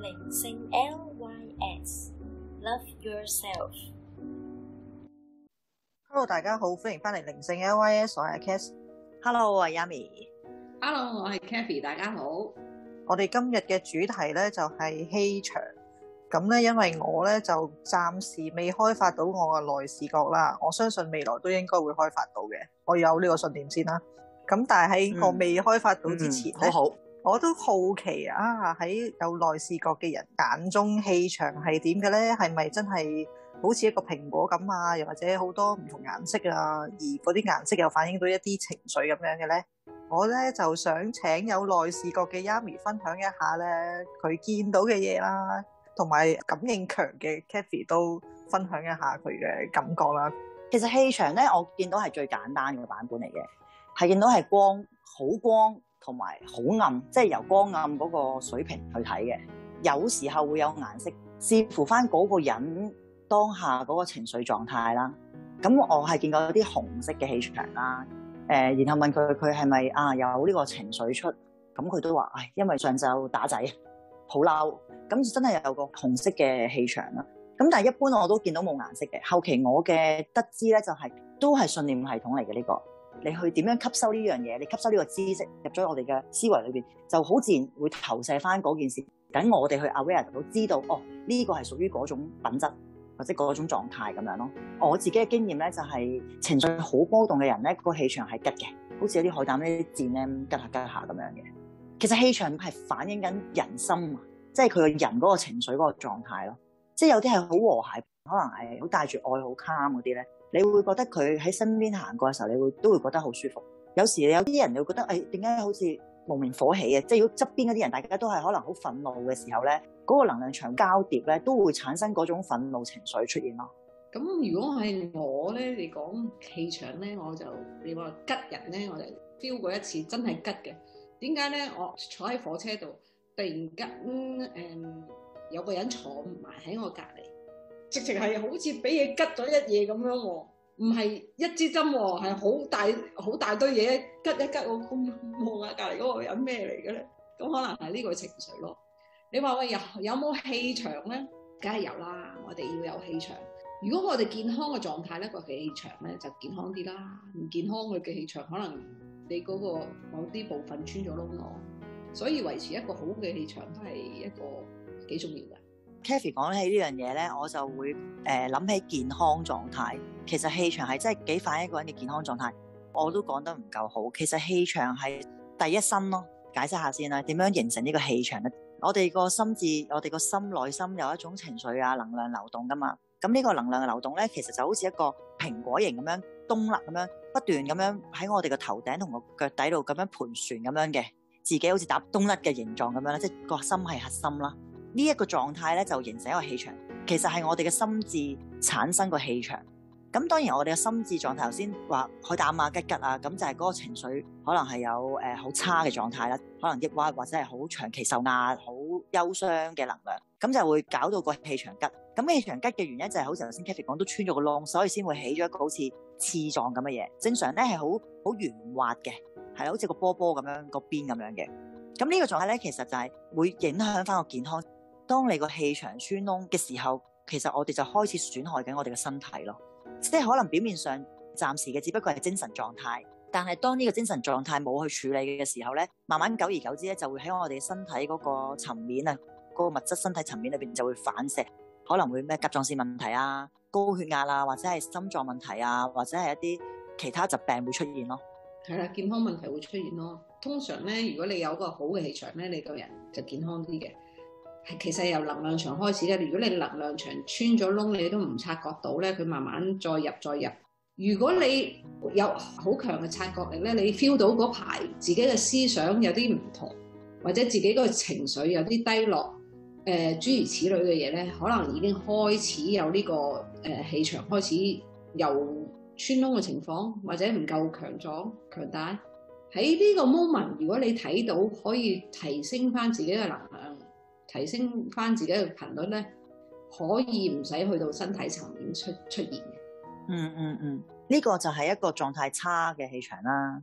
靈性 L Y S，Love Yourself。Hello，大家好，歡迎翻嚟靈性 L Y S，我係 Kess。Hello，我係 Yami。Hello，我係 Kathy，大家好。我哋今日嘅主題咧就係氣場。咁咧，因為我咧就暫時未開發到我嘅內視角啦。我相信未來都應該會開發到嘅，我有呢個信念先啦。咁但係喺我未開發到之前，嗯嗯、好好。我都好奇啊，喺有內視角嘅人眼中，氣場係點嘅咧？係咪真係好似一個蘋果咁啊？又或者好多唔同顏色啊，而嗰啲顏色又反映到一啲情緒咁樣嘅咧？我咧就想請有內視角嘅 Yami 分享一下咧佢見到嘅嘢啦，同埋感應強嘅 Kathy 都分享一下佢嘅感覺啦。其實氣場咧，我見到係最簡單嘅版本嚟嘅，係見到係光，好光。同埋好暗，即係由光暗嗰個水平去睇嘅，有時候會有顏色，視乎翻嗰個人當下嗰個情緒狀態啦。咁我係見到有啲紅色嘅氣場啦，誒、呃，然後問佢佢係咪啊又有呢個情緒出，咁佢都話唉，因為上晝打仔，好嬲，咁真係有個紅色嘅氣場啦。咁但係一般我都見到冇顏色嘅，後期我嘅得知呢，就係都係信念系統嚟嘅呢個。你去點樣吸收呢樣嘢？你吸收呢個知識入咗我哋嘅思維裏面，就好自然會投射翻嗰件事。等我哋去 aware 到，知道哦，呢、這個係屬於嗰種品質或者嗰種狀態咁樣咯。我自己嘅經驗咧，就係、是、情緒好波動嘅人咧，個氣場係吉嘅，好似有啲海膽呢啲箭咧吉下吉下咁樣嘅。其實氣場係反映緊人心，即係佢個人嗰個情緒嗰個狀態咯。即係有啲係好和諧，可能係好帶住愛、好 calm 嗰啲咧。你會覺得佢喺身邊行過嘅時候，你會都會覺得好舒服。有時有啲人你會覺得，誒，點解好似無名火起嘅？即係如果側邊嗰啲人大家都係可能好憤怒嘅時候咧，嗰、嗰個能量場交疊咧，都會產生嗰種憤怒情緒出現咯。咁如果係我咧，你講氣場咧，我就你話吉人咧，我就飆過一次，真係吉嘅。點解咧？我坐喺火車度，突然間誒、嗯、有個人坐埋喺我隔籬。直情係好似俾嘢拮咗一嘢咁樣喎，唔係一支針喎，係好大好大堆嘢拮一拮。我咁望下隔離嗰個人咩嚟嘅咧？咁可能係呢個情緒咯。你話，喂有有冇氣場咧？梗係有啦，我哋要有氣場。如果我哋健康嘅狀態咧，個氣場咧就健康啲啦。唔健康嘅嘅氣場，可能你嗰個某啲部分穿咗窿咯。所以維持一個好嘅氣場都係一個幾重要嘅。Kathy 講起呢樣嘢呢，我就會誒諗起健康狀態。其實氣場係真係幾反映一個人嘅健康狀態。我都講得唔夠好。其實氣場係第一身咯。解釋下先啦，點樣形成呢個氣場呢？我哋個心智，我哋個心，內心有一種情緒啊，能量流動噶嘛。咁呢個能量流動呢，其實就好似一個蘋果形咁樣，東甩咁樣不斷咁樣喺我哋個頭頂同個腳底度咁樣盤旋咁樣嘅，自己好似打東甩嘅形狀咁樣咧，即係個心係核心啦。這個、狀態呢一個狀態咧就形成一個氣場，其實係我哋嘅心智產生個氣場。咁當然我哋嘅心智狀態頭先話海膽啊、吉吉啊，咁就係嗰個情緒可能係有誒好、呃、差嘅狀態啦，可能抑鬱或者係好長期受壓、好憂傷嘅能量，咁就會搞到個氣場吉。咁、那、氣、個、場吉嘅原因就係、是、好似頭先 Kathy 講，都穿咗個窿，所以先會起咗一個好似刺狀咁嘅嘢。正常咧係好好圓滑嘅，係好似個波波咁樣、那個邊咁樣嘅。咁呢個狀態咧其實就係會影響返個健康。當你個氣場穿窿嘅時候，其實我哋就開始損害緊我哋嘅身體咯。即係可能表面上暫時嘅，只不過係精神狀態。但係當呢個精神狀態冇去處理嘅時候咧，慢慢久而久之咧，就會喺我哋身體嗰個層面啊，嗰個物質身體層面裏邊就會反射，可能會咩甲狀腺問題啊、高血壓啊，或者係心臟問題啊，或者係一啲其他疾病會出現咯。係啦，健康問題會出現咯。通常咧，如果你有個好嘅氣場咧，你個人就健康啲嘅。係其實由能量場開始嘅。如果你能量場穿咗窿，你都唔察覺到咧，佢慢慢再入再入。如果你有好強嘅察覺力咧，你 feel 到嗰排自己嘅思想有啲唔同，或者自己個情緒有啲低落，誒、呃、諸如此類嘅嘢咧，可能已經開始有呢、這個、呃、氣場開始由穿窿嘅情況，或者唔夠強壯強大喺呢個 moment。如果你睇到可以提升翻自己嘅能量。提升翻自己嘅頻率咧，可以唔使去到身體層面出出現嘅。嗯嗯嗯，呢、嗯呢個就係一個狀態差嘅氣場啦、啊。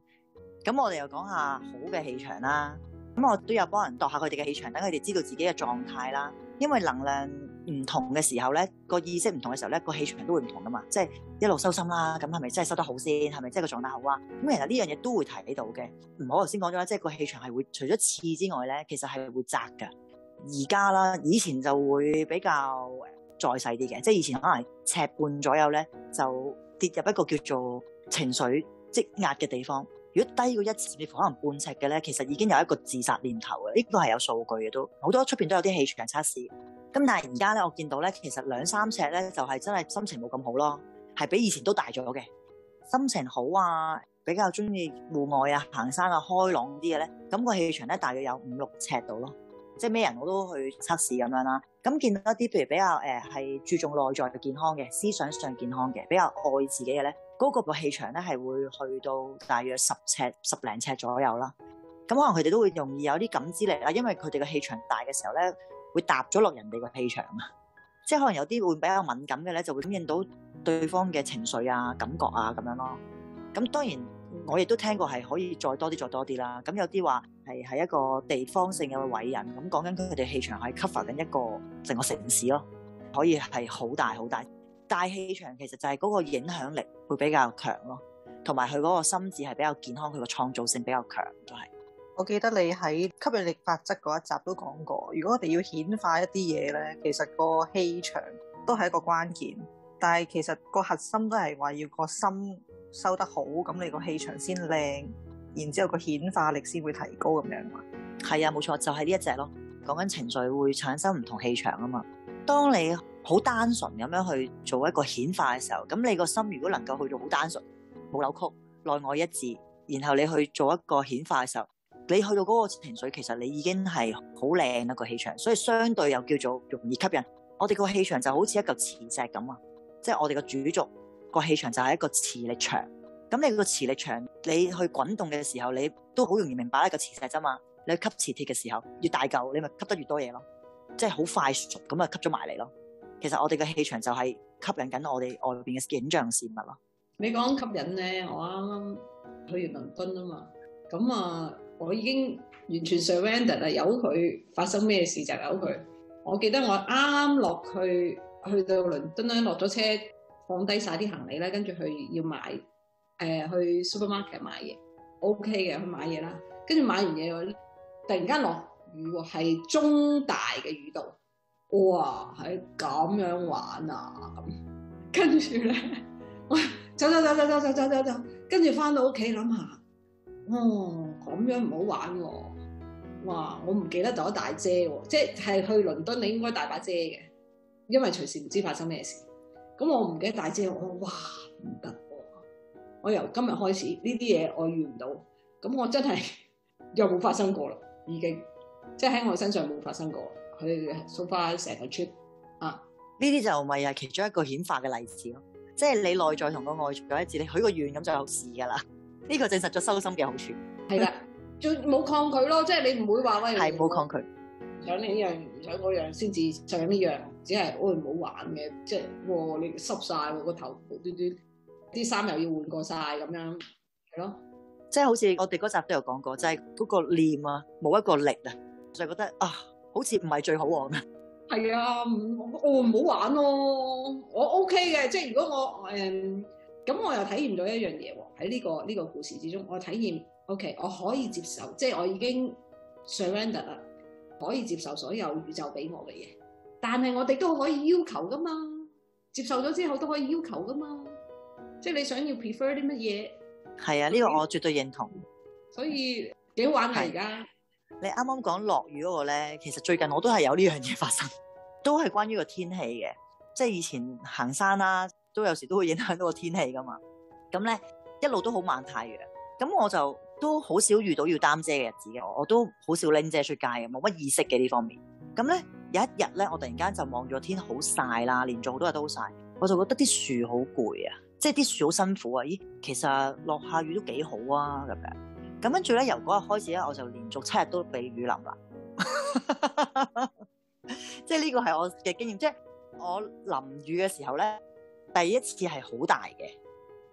咁我哋又講下好嘅氣場啦、啊。咁我都有幫人度下佢哋嘅氣場，等佢哋知道自己嘅狀態啦。因為能量唔同嘅時候咧，個意識唔同嘅時候咧，個氣場都會唔同噶嘛。即係一路收心啦、啊，咁係咪真係收得好先？係咪真係個狀態好啊？咁其實呢樣嘢都會提起到嘅。唔好頭先講咗啦，即係個氣場係會除咗刺之外咧，其實係會窄㗎。而家啦，以前就會比較再細啲嘅，即係以前可能一尺半左右咧，就跌入一個叫做情緒積壓嘅地方。如果低過一尺，甚至乎可能半尺嘅咧，其實已經有一個自殺念頭嘅，呢個係有數據嘅都好多出邊都有啲氣場測試。咁但係而家咧，我見到咧，其實兩三尺咧就係、是、真係心情冇咁好咯，係比以前都大咗嘅。心情好啊，比較中意戶外啊、行山啊、開朗啲嘅咧，咁、那個氣場咧大約有五六尺度咯。即係咩人我都去測試咁樣啦，咁見到一啲譬如比較誒係、呃、注重內在嘅健康嘅、思想上健康嘅、比較愛自己嘅咧，嗰、個個氣場咧係會去到大約十尺十零尺左右啦。咁可能佢哋都會容易有啲感知力啦，因為佢哋嘅氣場大嘅時候咧，會搭咗落人哋個氣場啊。即係可能有啲會比較敏感嘅咧，就會感受到對方嘅情緒啊、感覺啊咁樣咯。咁當然。我亦都聽過係可以再多啲，再多啲啦。咁有啲話係係一個地方性嘅偉人咁，講緊佢哋氣場係 cover 緊一個成個城市咯，可以係好大好大。大氣場其實就係嗰個影響力會比較強咯，同埋佢嗰個心智係比較健康，佢個創造性比較強都係。我記得你喺吸引力法則嗰一集都講過，如果我哋要顯化一啲嘢咧，其實個氣場都係一個關鍵，但係其實個核心都係話要個心，收得好，咁你個氣場先靚，然之後個顯化力先會提高咁樣。係啊，冇錯，就係呢一隻咯。講緊情緒會產生唔同氣場啊嘛。當你好單純咁樣去做一個顯化嘅時候，咁你個心如果能夠去到好單純，冇扭曲，內外一致，然後你去做一個顯化嘅時候，你去到嗰個情緒，其實你已經係好靚一個氣場，所以相對又叫做容易吸引。我哋個氣場就好似一個磁石咁啊，即係我哋個主軸。個氣場就係一個磁力場，咁你嗰個磁力場你去滾動嘅時候，你都好容易明白一個磁石啫嘛。你去吸磁鐵嘅時候，越大嚿你咪吸得越多嘢咯，即係好快速咁啊吸咗埋嚟咯。其實我哋嘅氣場就係吸引緊我哋外邊嘅景象事物咯。你講吸引咧，我啱啱去完倫敦啊嘛，咁啊，我已經完全 surrender 啦，由佢發生咩事就由佢。我記得我啱啱落去去到倫敦咧，落咗車。放低晒啲行李啦，跟住去要買，誒、呃、去 supermarket 買嘢，OK 嘅去買嘢啦。跟住買完嘢，突然間落雨喎，係中大嘅雨度，哇！喺咁樣玩啊咁，跟住咧，哇、哎！走走走走走走走走，跟住翻到屋企諗下，哦咁樣唔好玩喎，啊，哇！我唔記得咗大遮喎，即係去倫敦你應該大把遮嘅，因為隨時唔知發生咩事。咁我唔記得大隻，我話哇唔得喎！我由今日開始呢啲嘢我遇唔到，咁我真係又冇發生過啦，已經即係喺我身上冇發生過。佢送翻成個村啊！呢啲就咪係其中一個顯化嘅例子咯。即係你內在同個外在有一致，你許個願咁就有事㗎啦。呢個證實咗修心嘅好處。係啦， 就冇抗拒咯，即係你唔會話喂，係冇抗拒。想你呢樣唔想嗰樣，先至上呢樣，只係我唔好玩嘅，即係你濕曬我個頭，無端端啲衫又要換過晒。咁樣，係咯，即係好似我哋嗰集都有講過，即係嗰個念啊冇一個力啊，就覺得啊好似唔係最好咩？係啊，我唔好玩咯、啊，我 OK 嘅，即係如果我誒咁，嗯、我又體驗咗一樣嘢喎，喺呢個呢個故事之中，我體驗 OK，我可以接受，即係我已經 surrender 啦。可以接受所有宇宙俾我嘅嘢，但係我哋都可以要求噶嘛？接受咗之後都可以要求噶嘛？即係你想要 prefer 啲乜嘢？係啊，呢個我絕對認同。所以幾好玩啊！而家你啱啱講落雨嗰個咧，其實最近我都係有呢樣嘢發生，都係關於個天氣嘅。即係以前行山啦，都有時都會影響到個天氣噶嘛。咁咧，一路都好慢太陽，咁我就。都好少遇到要擔遮嘅日子嘅，我都好少拎遮出街嘅，冇乜意識嘅呢方面。咁咧有一日咧，我突然間就望咗天好晒啦，連續好多日都好晒。我就覺得啲樹好攰啊，即係啲樹好辛苦啊。咦，其實落下雨都幾好啊，咁樣咁跟住咧，由嗰日開始咧，我就連續七日都俾雨淋啦。即係呢個係我嘅經驗，即係我淋雨嘅時候咧，第一次係好大嘅。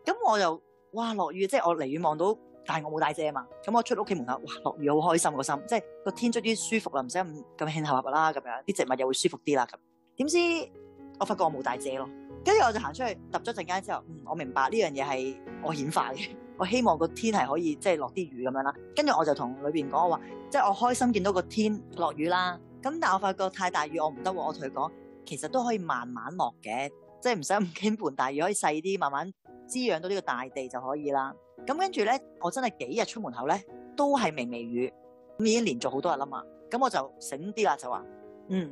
咁我又哇落雨，即係我離遠望到。但係我冇帶遮啊嘛，咁我出屋企門口，哇，落雨好開心個心，即係個天終於舒服啦，唔使咁咁慶下下啦，咁樣啲植物又會舒服啲啦，咁點知我發覺我冇帶遮咯，跟住我就行出去揼咗陣間之後，嗯，我明白呢樣嘢係我顯化嘅，我希望個天係可以即係落啲雨咁樣啦，跟住我就同裏邊講我話，即係我開心見到個天落雨啦，咁但係我發覺太大雨我唔得，我同佢講，其實都可以慢慢落嘅，即係唔使咁傾盆大雨，可以細啲慢慢滋養到呢個大地就可以啦。咁跟住咧，我真係幾日出門口咧，都係微微雨，咁已經連續好多日啦嘛。咁我就醒啲啦，就話：嗯，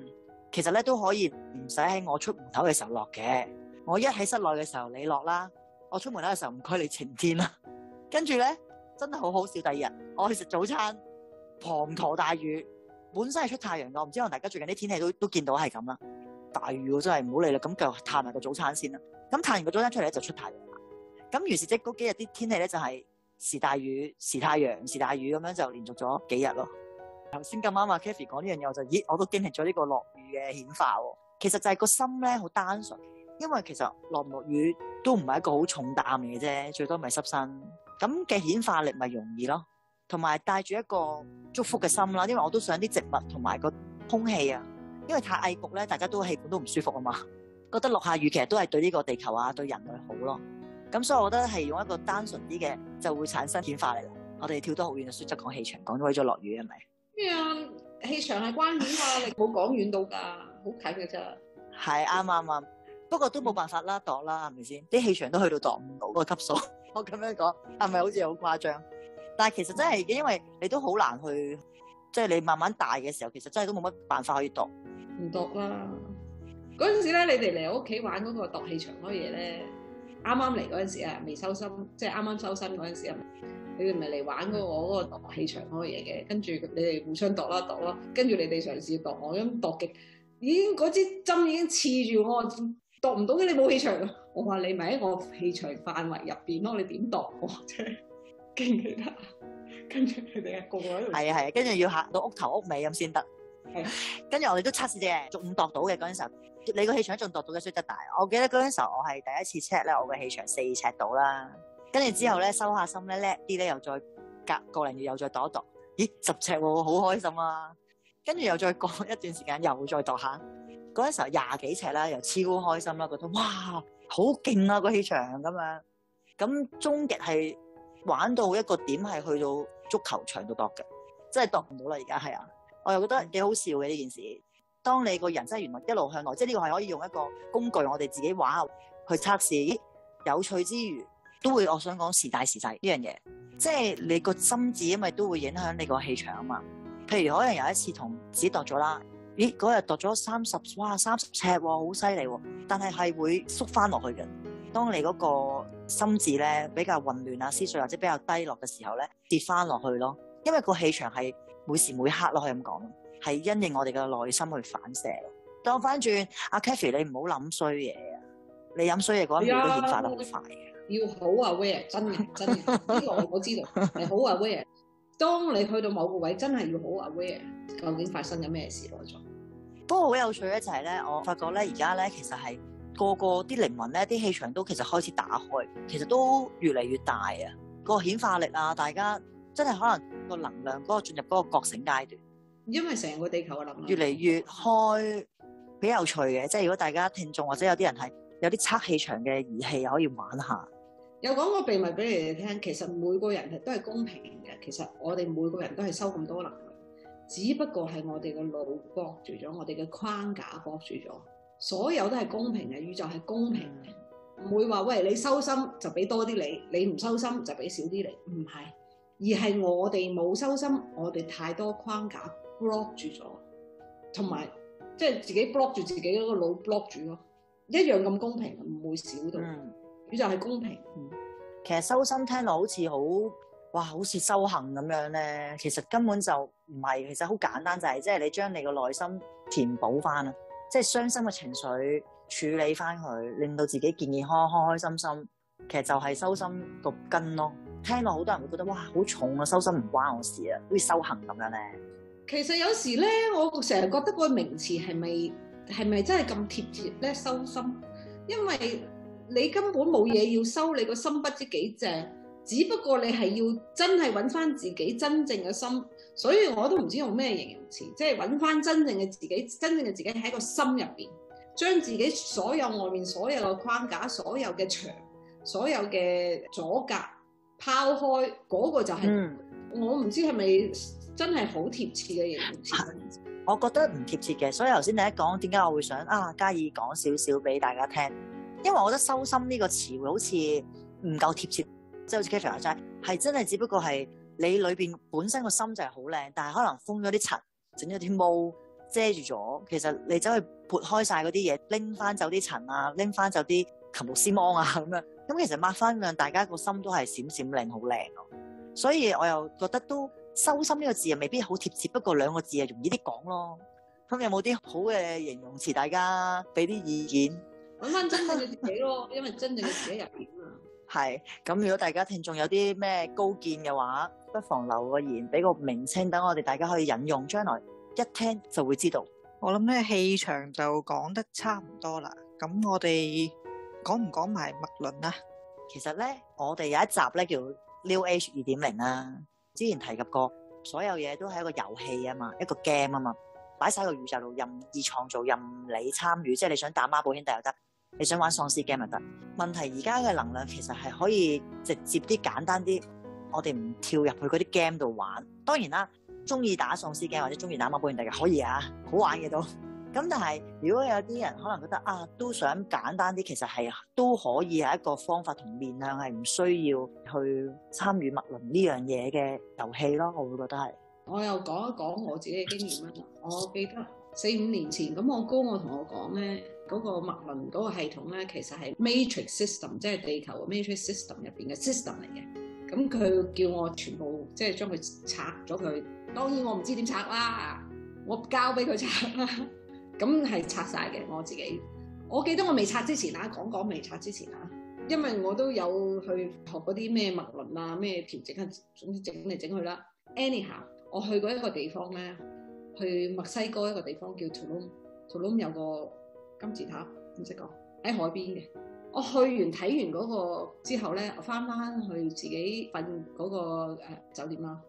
其實咧都可以唔使喺我出門口嘅時候落嘅。我一喺室內嘅時候你落啦，我出門口嘅時候唔該你晴天啦。跟住咧，真係好好笑。第二日我去食早餐，滂沱大雨，本身係出太陽㗎，唔知可能大家最近啲天氣都都見到係咁啦。大雨我真係唔好理啦，咁就探埋個早餐先啦。咁探完個早餐出嚟咧就出太陽。咁於是即嗰幾日啲天氣咧就係時大雨，時太陽，時大雨，咁樣就連續咗幾日咯。頭先咁啱啊 Kathy 講呢樣嘢，我就咦，我都經歷咗呢個落雨嘅顯化喎。其實就係個心咧好單純，因為其實落唔落雨都唔係一個好重擔嘅啫，最多咪濕身咁嘅顯化力咪容易咯。同埋帶住一個祝福嘅心啦，因為我都想啲植物同埋個空氣啊，因為太翳焗咧，大家都氣管都唔舒服啊嘛。覺得落下雨其實都係對呢個地球啊，對人類好咯。咁所以，我覺得係用一個單純啲嘅就會產生變化嚟啦。我哋跳得好遠，所以即講氣場，講為咗落雨係咪？咩啊？氣場係關聯啊， 你冇講遠到㗎，好近㗎啫。係啱啱啱，不過都冇辦法啦，度啦，係咪先？啲氣場都去到度，唔到嗰個級數。我咁樣講係咪好似好誇張？但係其實真係因為你都好難去，即係你慢慢大嘅時候，其實真係都冇乜辦法可以度，唔度啦！嗰陣時咧，你哋嚟我屋企玩嗰、個度氣場嗰啲嘢咧。啱啱嚟嗰陣時啊，未收身，即係啱啱收身嗰陣時啊，你哋咪嚟玩嗰、嗰個嗰、嗰個度氣場嗰個嘢嘅，跟住你哋互相度啦度啦，跟住你哋嘗試度。我咁度極，已經嗰支針已經刺住我，度唔到嘅，你冇氣場，我話你咪喺我氣場範圍入邊咯，你點度我？即係記唔記得？跟住佢哋個個喺度，係啊係啊，跟住要行到屋頭屋尾咁先得。跟住我哋都測試啫，仲唔度到嘅嗰陣時候，你個氣場仲度到嘅，衰得大。我記得嗰陣時候，我係第一次 check 咧，我嘅氣場四尺度啦。跟住之後咧，收下心咧，叻啲咧，又再隔個零月又再度一度。咦，十尺喎，好開心啊！跟住又再過一段時間，又再度下嗰陣，那個，時候廿幾尺啦，又超開心啦，覺得哇好勁啊，那個氣場咁樣。咁，那個，終極係玩到一個點係去到足球場度度嘅，真係度唔到啦。而家係啊。我又覺得幾好笑嘅呢件事。當你個人生原來一路向來，即係呢個係可以用一個工具，我哋自己畫去測試。咦，有趣之餘，都會我想講時大時細呢樣嘢。即係你個心智，因為都會影響你個氣場啊嘛。譬如可能有一次同自己度咗啦，咦，嗰日度咗三十，三十，哇三十尺、哦，好犀利。但係係會縮翻落去嘅。當你嗰個心智咧比較混亂啊，思緒或者比較低落嘅時候咧，跌翻落去咯。因為個氣場係。每時每刻咯，可以咁講咯，係因應我哋嘅內心去反射。當反轉，阿 Kathy，你唔好諗衰嘢啊！你飲衰嘢嗰一秒都顯化得好快。啊、要好 aware 真嘅真嘅，呢 個我知道你好 aware。當你去到某個位，真係要好 aware。究竟發生咗咩事來咗？不過好有趣咧，就係咧，我發覺咧，而家咧其實係個個啲靈魂咧，啲氣場都其實開始打開，其實都越嚟越大啊！個顯化力啊，大家。真係可能個能量嗰個進入嗰個覺醒階段，因為成個地球嘅能量越嚟越開，比較有趣嘅。即係如果大家聽眾或者有啲人係有啲測氣場嘅儀器，又可以玩下。又講個秘密俾你哋聽，其實每個人係都係公平嘅。其實我哋每個人都係收咁多能量，只不過係我哋嘅腦駁住咗，我哋嘅框架駁住咗，所有都係公平嘅。宇宙係公平嘅。唔會話喂，你收心就俾多啲你，你唔收心就俾少啲你，唔係。而係我哋冇修心，我哋太多框架 block 住咗，同埋即係自己 block 住自己嗰個腦 block 住咯，一樣咁公平，唔會少到。嗯，佢就係公平，嗯。其實修心聽落好似好哇，好似修行咁樣咧，其實根本就唔係，其實好簡單，就係即係你將你個內心填補翻啊，即係傷心嘅情緒處理翻佢，令到自己健健康康開開心心，其實就係修心個根咯。聽落好多人會覺得哇，好重啊！修心唔關我事啊，好似修行咁樣咧。其實有時咧，我成日覺得個名詞係咪係咪真係咁貼切咧？修心，因為你根本冇嘢要修，你個心不知幾正，只不過你係要真係揾翻自己真正嘅心，所以我都唔知用咩形容詞，即係揾翻真正嘅自己，真正嘅自己喺個心入邊，將自己所有外面所有嘅框架、所有嘅牆、所有嘅阻隔。拋開嗰個就係，嗯，我唔知係咪真係好貼切嘅嘢、啊。我覺得唔貼切嘅，所以頭先你一講點解我會想啊嘉怡講少少俾大家聽，因為我覺得修心呢個詞彙好似唔夠貼切，即係好似 Katherine 話齋，係真係只不過係你裏邊本身個心就係好靚，但係可能封咗啲塵，整咗啲毛遮住咗。其實你走去撥開晒嗰啲嘢，拎翻走啲塵啊，拎翻走啲。琴毛斯芒啊咁樣，咁其實抹翻亮，大家個心都係閃閃靚，好靚咯、啊。所以我又覺得都修心呢個字啊，未必好貼切，不過兩個字啊，容易啲講咯。咁有冇啲好嘅形容詞？大家俾啲意見，揾翻真正嘅自己咯， 因為真正嘅自己入邊係，咁如果大家聽眾有啲咩高見嘅話，不妨留個言，俾個名稱，等我哋大家可以引用，將來一聽就會知道。我諗咧氣場就講得差唔多啦。咁我哋。講唔講埋脈輪啊？其實咧，我哋有一集咧叫 New Age 二點零啦。之前提及過，所有嘢都係一個遊戲啊嘛，一個 game 啊嘛，擺晒個宇宙度任意創造，任你參與。即係你想打孖寶兄弟又得，你想玩喪屍 game 又得。問題而家嘅能量其實係可以直接啲簡單啲，我哋唔跳入去嗰啲 game 度玩。當然啦，中意打喪屍 game 或者中意打孖寶兄弟嘅可以啊，好玩嘅都。咁但係，如果有啲人可能覺得啊，都想簡單啲，其實係都可以係一個方法同面向係唔需要去參與脈輪呢樣嘢嘅遊戲咯。我會覺得係。我又講一講我自己嘅經驗啦。我記得四五年前咁，我高我同我講咧，嗰、嗰個脈輪嗰個系統咧，其實係 Matrix System，即係地球嘅 Matrix System 入邊嘅 system 嚟嘅。咁佢叫我全部即係將佢拆咗佢。當然我唔知點拆啦，我交俾佢拆啦。咁係拆晒嘅，我自己。我記得我未拆之前啊，講講未拆之前啊，因為我都有去學嗰啲咩脈輪啊，咩調整啊，總之整嚟整去啦。Anyhow，我去過一個地方咧，去墨西哥一個地方叫 Tulum，Tulum 有個金字塔，唔識講喺海邊嘅。我去完睇完嗰個之後咧，我翻翻去自己瞓嗰個酒店啦，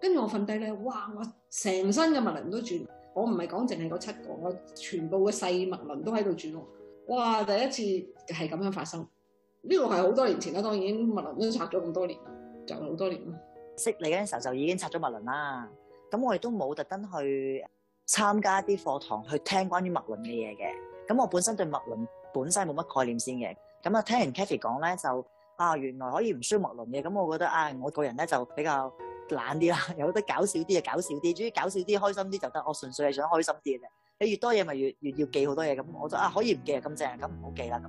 跟住我瞓低咧，哇！我成身嘅脈輪都轉。我唔係講淨係嗰七個，我全部嘅細脈輪都喺度轉喎。哇！第一次係咁樣發生，呢個係好多年前啦。當然脈輪都拆咗咁多年，就係好多年啦。識你嗰陣時候就已經拆咗脈輪啦。咁我亦都冇特登去參加啲課堂去聽關於脈輪嘅嘢嘅。咁我本身對脈輪本身冇乜概念先嘅。咁啊，聽完 Kathy 講咧，就啊原來可以唔需要脈輪嘅。咁我覺得啊，我個人咧就比較。懶啲啦，有得搞笑啲就搞笑啲，主要搞笑啲、開心啲就得。我純粹係想開心啲嘅。你越多嘢，咪越越要記好多嘢。咁我就啊，可以唔記咁正，咁唔好記啦。咁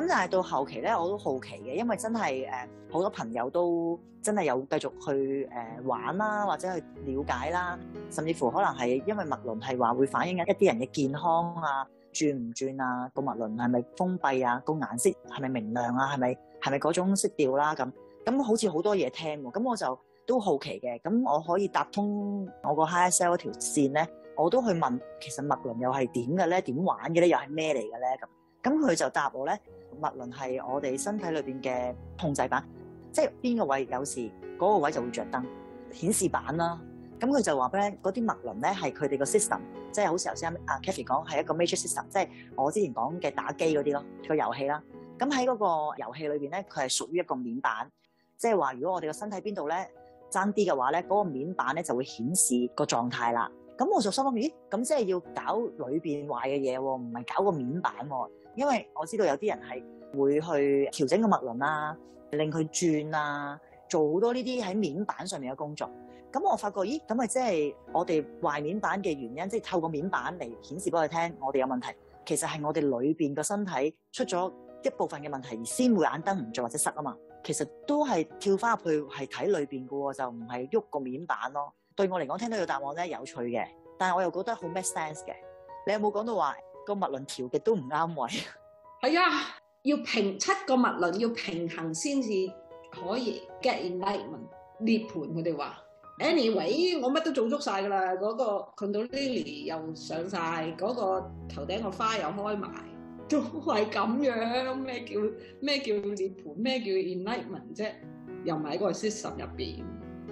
咁，但係到後期咧，我都好奇嘅，因為真係誒好多朋友都真係有繼續去誒、呃、玩啦，或者去了解啦，甚至乎可能係因為脈輪係話會反映緊一啲人嘅健康啊，轉唔轉啊，個脈輪係咪封閉啊，個顏色係咪明亮啊，係咪係咪嗰種色調啦、啊？咁咁好似好多嘢聽喎，咁我就都好奇嘅，咁我可以搭通我個 High Self 條線咧，我都去問其實脈輪又係點嘅咧，點玩嘅咧，又係咩嚟嘅咧咁。咁佢就答我咧，脈輪係我哋身體裏面嘅控制板，即係邊個位有時嗰、嗰個位就會着燈顯示板啦。咁佢就話俾我嗰啲脈輪咧係佢哋個 system，即係好似頭先阿 Kathy 講係一個 major system，即係我之前講嘅打機嗰啲咯個遊戲啦。咁喺嗰個遊戲裏面咧，佢係屬於一個面板，即係話如果我哋個身體邊度咧，爭啲嘅話咧，嗰、那個面板咧就會顯示個狀態啦。咁我就心諗，咦？咁即係要搞裏邊壞嘅嘢喎，唔係搞個面板喎、啊。因為我知道有啲人係會去調整個脈輪啦，令佢轉啊，做好多呢啲喺面板上面嘅工作。咁我發覺，咦？咁咪即係我哋壞面板嘅原因，即、就、係、是、透過面板嚟顯示俾佢哋聽，我哋有問題。其實係我哋裏邊個身體出咗一部分嘅問題，而先會眼燈唔著或者塞啊嘛。其實都係跳翻入去係睇裏邊嘅喎，就唔係喐個面板咯。對我嚟講，聽到個答案咧有趣嘅，但係我又覺得好 make sense 嘅。你有冇講到話個脈輪調極都唔啱位？係啊，要平七個脈輪要平衡先至可以 get enlightenment。涅盤佢哋話，anyway 我乜都做足晒㗎啦，嗰、那個 Kundalini 又上晒，嗰、那個頭頂個花又開埋。都係咁樣，咩叫咩叫涅槃，咩叫 enlightenment 啫？又咪喺個 system 入面。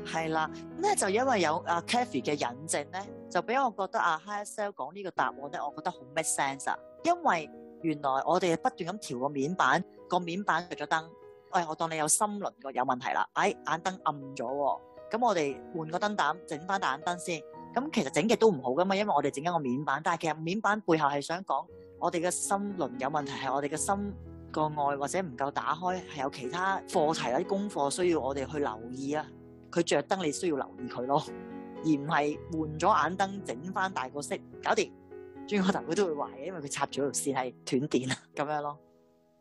係啦，咧就因為有阿 Kathy 嘅引證咧，就俾我覺得阿 Hassell 講呢個答案咧，我覺得好 make sense 啊。因為原來我哋不斷咁調個面板，個面板着咗燈，喂，我當你有心輪個有問題啦，唉、哎，眼燈暗咗，咁我哋換個燈膽，整翻大眼燈先。咁其實整極都唔好噶嘛，因為我哋整緊個面板，但係其實面板背後係想講，我哋嘅心輪有問題，係我哋嘅心個愛或者唔夠打開，係有其他課題有啲功課需要我哋去留意啊。佢着燈你需要留意佢咯，而唔係換咗眼燈整翻大個色搞掂，轉個頭佢都會壞嘅，因為佢插咗條線係斷電啊。咁樣咯，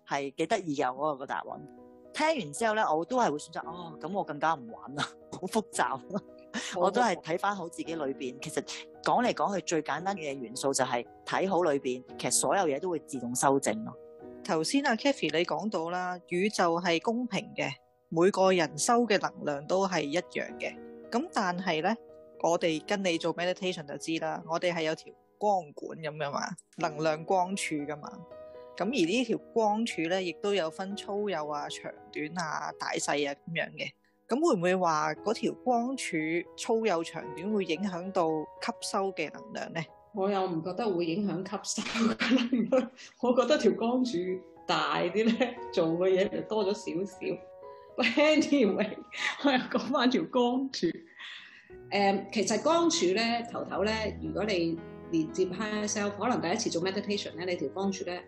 係幾得意嘅我個答案。聽完之後咧，我都係會選擇哦，咁我更加唔玩啦，好複雜，哦、 我都係睇翻好自己裏邊其實。講嚟講去最簡單嘅元素就係、是、睇好裏邊，其實所有嘢都會自動修正咯。頭先阿 Kathy 你講到啦，宇宙係公平嘅，每個人收嘅能量都係一樣嘅。咁但係咧，我哋跟你做 meditation 就知啦，我哋係有條光管咁噶嘛，能量光柱噶嘛。咁而呢條光柱咧，亦都有分粗幼啊、長短啊、大細啊咁樣嘅。咁會唔會話嗰條光柱粗有長短會影響到吸收嘅能量咧？我又唔覺得會影響吸收，我覺得條光柱大啲咧，做嘅嘢就多咗少少。喂 Andy，anyway, 我又講翻條光柱。誒、um，其實光柱咧頭頭咧，如果你連接 high self，可能第一次做 meditation 咧，你條光柱咧。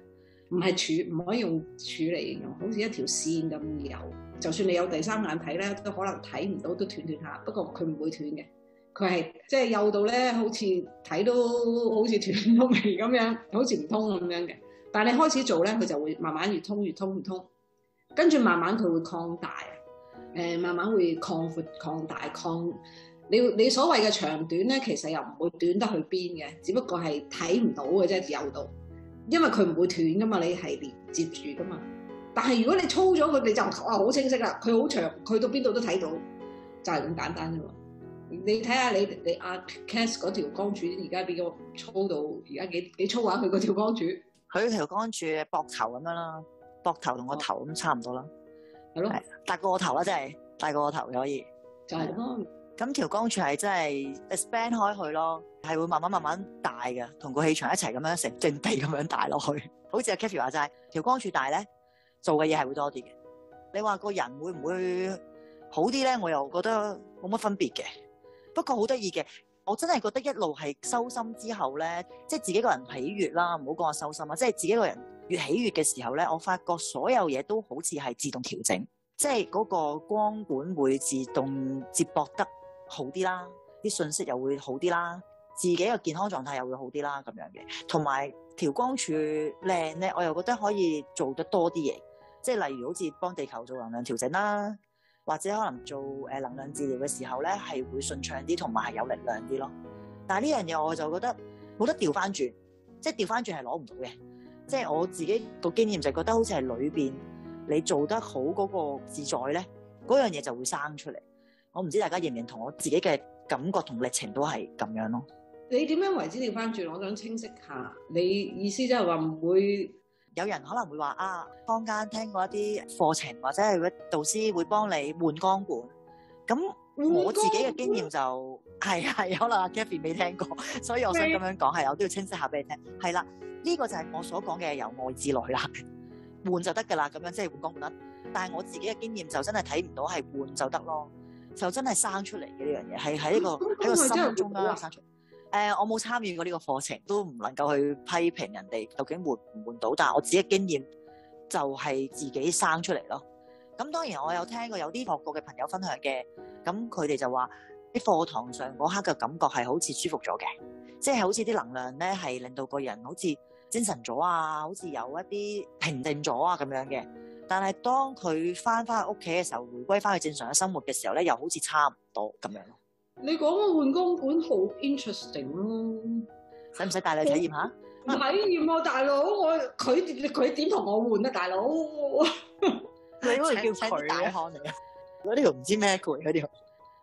唔係柱，唔可以用柱嚟形容，好似一條線咁有。就算你有第三眼睇咧，都可能睇唔到，都斷斷下。不過佢唔會斷嘅，佢係即係幼到咧，好似睇到，好似斷都未咁樣，好似唔通咁樣嘅。但係你開始做咧，佢就會慢慢越通越通唔通，跟住慢慢佢會擴大，誒、呃、慢慢會擴闊、擴大、擴。你你所謂嘅長短咧，其實又唔會短得去邊嘅，只不過係睇唔到嘅即係，就是、幼到。因為佢唔會斷噶嘛，你係連接住噶嘛。但係如果你粗咗佢，你就哇好清晰啦。佢好長，去到邊度都睇到，就係、是、咁簡單啫嘛。你睇下你你阿、啊、Cass 嗰條鋼柱現在，而家變咗粗到而家幾幾粗啊？佢嗰條鋼柱，佢條鋼柱膊頭咁樣啦，膊、哦、頭同個頭咁差唔多啦，係咯，大過個頭啦，真係大過個頭就可以，就係、是、啦。咁條光柱係真係 expand 開去咯，係會慢慢慢慢大嘅，同個氣場一齊咁樣成正地咁樣大落去。 好似阿 Kathy 話齋，條光柱大咧做嘅嘢係會多啲嘅。你話個人會唔會好啲咧？我又覺得冇乜分別嘅。不過好得意嘅，我真係覺得一路係修心之後咧，即係自己個人喜悅啦，唔好講我修心啊。即係自己個人越喜悅嘅時候咧，我發覺所有嘢都好似係自動調整，即係嗰個光管會自動接駁得好啲啦，啲信息又會好啲啦，自己嘅健康狀態又會好啲啦，咁樣嘅，同埋調光柱靚咧，我又覺得可以做得多啲嘢，即係例如好似幫地球做能量調整啦，或者可能做誒能量治療嘅時候咧，係會順暢啲，同埋係有力量啲咯。但係呢樣嘢，我就覺得冇得調翻轉，即係調翻轉係攞唔到嘅。即係我自己個經驗就覺得好似係裏邊你做得好嗰個自在咧，嗰樣嘢就會生出嚟。我唔知大家認唔認同，我自己嘅感覺同歷程都係咁樣咯。你點樣為止？你翻轉？我想清晰下，你意思即係話唔會有人可能會話啊，坊間聽過一啲課程或者係如果導師會幫你換光管咁。咁我自己嘅經驗就係可能阿 Kathy 未聽過，所以我想咁樣講係，我都要清晰下俾你聽係啦。呢個就係我所講嘅由外至內啦，換就得㗎啦。咁樣即係換光管，但係我自己嘅經驗就真係睇唔到係換就得咯。就真係生出嚟嘅呢樣嘢，係、這、喺、個、一個喺、oh、個心中啦生出。誒、oh 呃，我冇參與過呢個課程，都唔能夠去批評人哋究竟換唔換到。但係我自己經驗就係自己生出嚟咯。咁當然我有聽過有啲學過嘅朋友分享嘅，咁佢哋就話啲課堂上嗰刻嘅感覺係好似舒服咗嘅，即、就、係、是、好似啲能量咧係令到個人好似精神咗啊，好似有一啲平定咗啊咁樣嘅。但係當佢翻翻屋企嘅時候，回歸翻去正常嘅生活嘅時候咧，又好似差唔多咁樣咯。你講個換公館好 interesting 咯、啊，使唔使帶你去體驗下？體驗啊，大佬我佢佢點同我換啊？大佬，你 叫佢大漢嚟啊？嗰條唔知咩渠，嗰啲，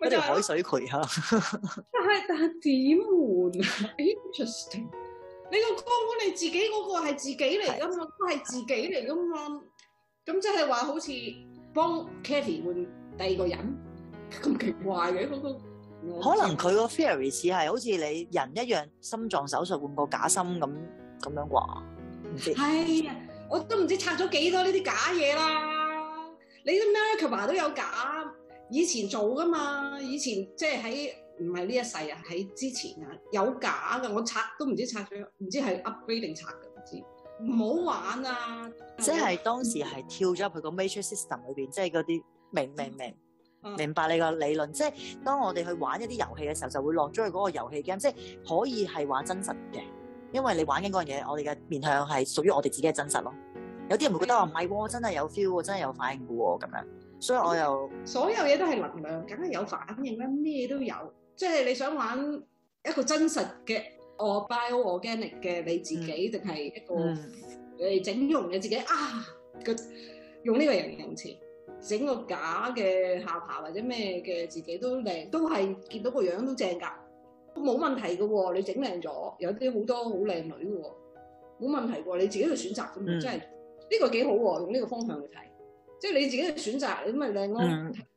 就是，海水渠吓、啊 。但係但係點換？Interesting。你個公館你自己嗰個係自己嚟噶嘛？都係自己嚟噶嘛？咁即係話好似幫 Katie 換第二個人咁、那個、奇怪嘅，嗰個可能佢個 fairies 係好似你人一樣，心臟手術換個假心咁咁樣啩？唔知係啊，我都唔知拆咗幾多呢啲假嘢啦。你啲 Mercury 都有假，以前做㗎嘛，以前即係喺唔係呢一世啊，喺之前啊有假㗎，我拆都唔知拆咗，唔知係 upgrade 定拆㗎，唔知。唔好玩啊！即係當時係跳咗入去個 Matrix System 裏邊、嗯，即係嗰啲明明明明白你個理論。啊、即係當我哋去玩一啲遊戲嘅時候，就會落咗去嗰個遊戲 game，即係可以係話真實嘅，因為你玩緊嗰樣嘢，我哋嘅面向係屬於我哋自己嘅真實咯。有啲人會覺得話唔係喎，的真係有 feel 喎，真係有反應嘅喎咁樣。所以我又所有嘢都係能量，梗係有反應啦，咩都有。即係你想玩一個真實嘅。我 bioorganic 嘅你自己定係、嗯、一個誒整容嘅自己、嗯、啊？用這個用呢個形容詞，整個假嘅下巴或者咩嘅自己都靚，都係見到個樣都正噶，冇問題噶喎、哦。你整靚咗，有啲好多好靚女喎，冇問題喎、哦。你自己去選擇咁，真係呢個幾好喎、哦。用呢個方向去睇，即係你自己去選擇，咁咪靚咯。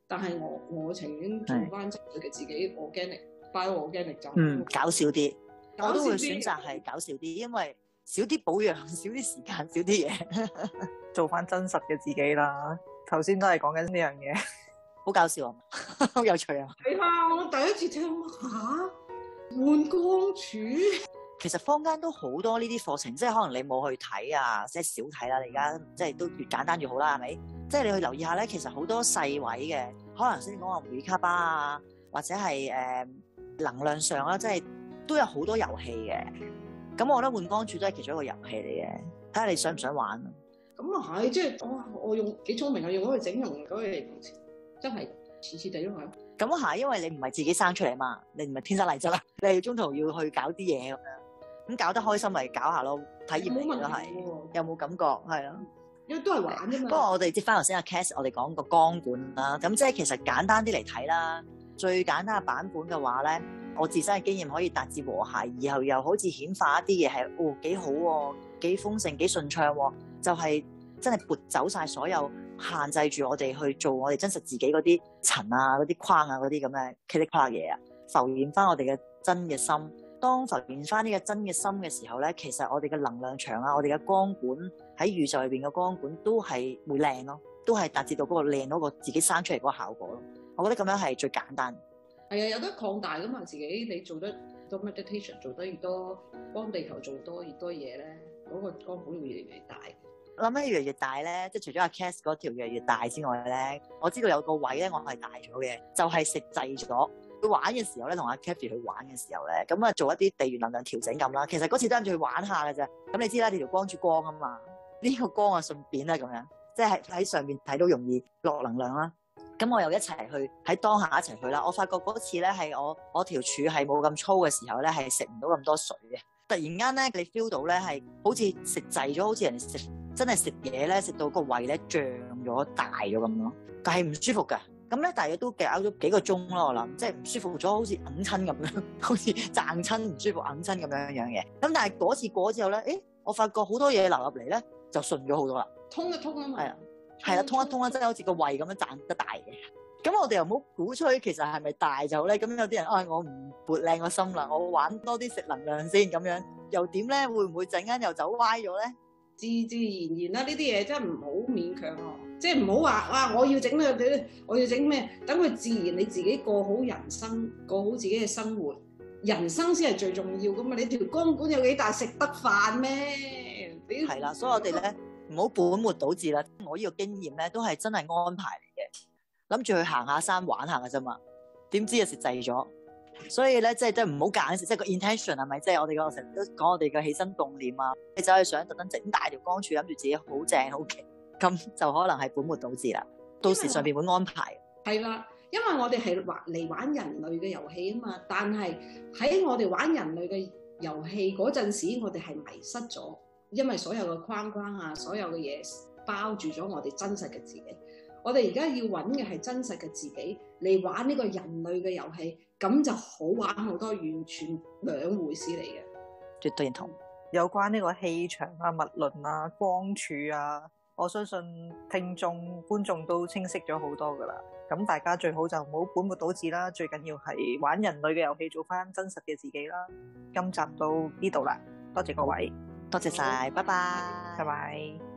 但係我我情願做翻自己，自己 Bio organic bioorganic 就好、嗯、搞笑啲。我都會選擇係搞笑啲，因為少啲保養，少啲時間，少啲嘢， 做翻真實嘅自己啦。頭先都係講緊呢樣嘢，好 搞笑啊，好有趣啊！係啊，我第一次聽，吓？換光柱？其實坊間都好多呢啲課程，即係可能你冇去睇啊，即係少睇啦、啊。你而家即係都越簡單越好啦、啊，係咪？即係你去留意下咧，其實好多細位嘅，可能先講話瑜伽吧啊，或者係誒、呃、能量上啦，即係。都有好多遊戲嘅，咁我覺得換光柱都係其中一個遊戲嚟嘅，睇下你想唔想玩？咁啊係，即係我用幾聰明啊，用咗整容嗰類類型，真係次次都用下。咁啊係，因為你唔係自己生出嚟嘛，你唔係天生麗質啦，你係中途要去搞啲嘢咁樣，咁搞得開心咪搞下咯，體驗嚟都係，冇問題啊，有冇感覺係啊？因為都係玩啫嘛。不過我哋接係翻頭先阿 Cast 我哋講個光管啦，咁即係其實簡單啲嚟睇啦，最簡單嘅版本嘅話咧。我自身嘅經驗可以達至和諧，然後又好似顯化一啲嘢係哦幾好喎、啊，幾豐盛幾順暢喎、啊，就係、是、真係撥走晒所有限制住我哋去做我哋真實自己嗰啲塵啊、嗰啲框啊、嗰啲咁嘅噼里啪嘢啊，浮現翻我哋嘅真嘅心。當浮現翻呢個真嘅心嘅時候咧，其實我哋嘅能量場啊，我哋嘅光管喺宇宙入邊嘅光管都係會靚咯，都係達至到嗰個靚嗰、嗰個自己生出嚟嗰個效果咯。我覺得咁樣係最簡單的。係啊，有得擴大噶嘛？自己你做得多 meditation，做得越多，幫地球做多越多嘢咧，嗰、嗰個光好容易越嚟越大。我諗咧越嚟越大咧，即係除咗阿 Cast 嗰條越嚟越大之外咧，我知道有個位咧我係大咗嘅，就係、是、食滯咗。佢玩嘅時候咧，同阿 Katie 去玩嘅時候咧，咁啊做一啲地源能量調整咁啦。其實嗰次都係諗住去玩下嘅啫。咁你知啦，你條光柱光啊嘛，呢、呢個光啊順便啦咁樣，即係喺上面睇到容易落能量啦。咁我又一齊去喺當下一齊去啦。我發覺嗰次咧係我我條柱係冇咁粗嘅時候咧係食唔到咁多水嘅。突然間咧你 feel 到咧係好似食滯咗，好似人哋食真係食嘢咧食到個胃咧脹咗大咗咁咯。但係唔舒服㗎。咁咧但係都夾咗幾個鐘咯，我諗即係唔舒服咗，好似揞親咁樣，好似掙親唔舒服揞親咁樣樣嘅。咁但係嗰次過之後咧，誒我發覺好多嘢流入嚟咧就順咗好多啦，通就通啊嘛。係。係啊，通一通啊，真係好似個胃咁樣賺得大嘅。咁我哋又唔好鼓吹，其實係咪大就咧？咁有啲人唉，我唔撥靚個心啦，我玩多啲食能量先咁樣，又點咧？會唔會陣間又走歪咗咧？自自然然啦，呢啲嘢真係唔好勉強喎，即係唔好話哇！我要整咩？我要整咩？等佢自然，你自己過好人生，過好自己嘅生活，人生先係最重要㗎嘛！你條光管有幾大，食得飯咩？係啦，所以我哋咧。唔好本末倒置啦！我呢個經驗咧，都係真係安排嚟嘅，諗住去行下山玩下嘅啫嘛，點知又食滯咗。所以咧，即係都唔好揀事，即係個 intention 係咪？即係我哋個成日都講我哋嘅起身動念啊，你走去想特登整大條光柱，諗住自己好正好勁，咁就可能係本末倒置啦。到時上邊會安排。係啦，因為我哋係玩嚟玩人類嘅遊戲啊嘛，但係喺我哋玩人類嘅遊戲嗰陣時，我哋係迷失咗。因為所有嘅框框啊，所有嘅嘢包住咗我哋真實嘅自己。我哋而家要揾嘅係真實嘅自己嚟玩呢個人類嘅遊戲，咁就好玩好多，完全兩回事嚟嘅。絕對認同有關呢個氣場啊、脈輪啊、光柱啊，我相信聽眾觀眾都清晰咗好多噶啦。咁大家最好就唔好本末倒置啦。最緊要係玩人類嘅遊戲，做翻真實嘅自己啦。今集到呢度啦，多謝各位。多謝晒，拜拜，拜拜。